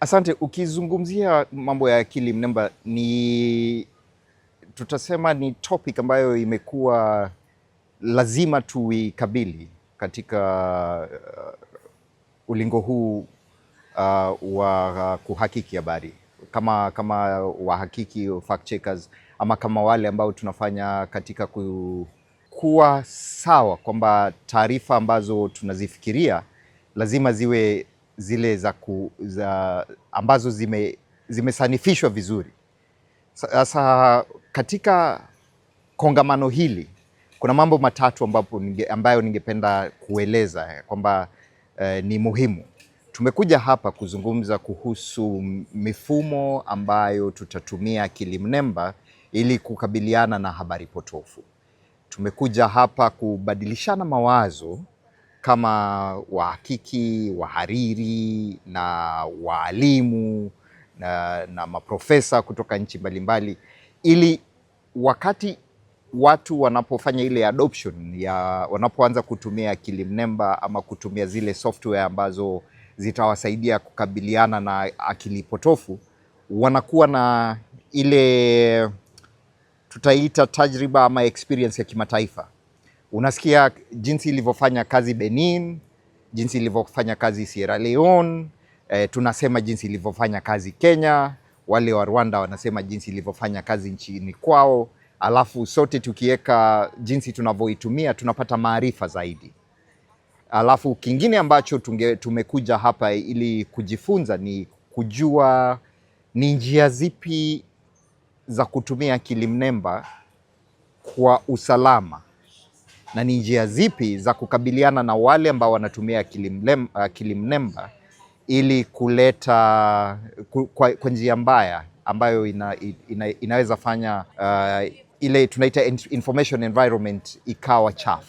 Asante. Ukizungumzia mambo ya akili mnemba, ni tutasema ni topic ambayo imekuwa lazima tuikabili katika uh, ulingo huu uh, wa kuhakiki habari kama kama wahakiki fact checkers, ama kama wale ambao tunafanya katika ku, kuwa sawa kwamba taarifa ambazo tunazifikiria lazima ziwe zile za, ku, za ambazo zime, zimesanifishwa vizuri. Sasa katika kongamano hili kuna mambo matatu ambapo, ambayo ningependa kueleza eh, kwamba eh, ni muhimu. Tumekuja hapa kuzungumza kuhusu mifumo ambayo tutatumia akili mnemba ili kukabiliana na habari potofu. Tumekuja hapa kubadilishana mawazo kama wahakiki, wahariri na waalimu na, na maprofesa kutoka nchi mbalimbali ili wakati watu wanapofanya ile adoption ya wanapoanza kutumia akili mnemba ama kutumia zile software ambazo zitawasaidia kukabiliana na akili potofu, wanakuwa na ile tutaita tajriba ama experience ya kimataifa. Unasikia jinsi ilivyofanya kazi Benin, jinsi ilivyofanya kazi Sierra Leone, e, tunasema jinsi ilivyofanya kazi Kenya, wale wa Rwanda wanasema jinsi ilivyofanya kazi nchini kwao, alafu sote tukiweka jinsi tunavyoitumia tunapata maarifa zaidi. Alafu kingine ambacho tunge, tumekuja hapa ili kujifunza ni kujua ni njia zipi za kutumia akili mnemba kwa usalama na ni njia zipi za kukabiliana na wale ambao wanatumia akili mnemba ili kuleta kwa njia mbaya ambayo ina, ina, inaweza fanya uh, ile tunaita information environment ikawa chafu.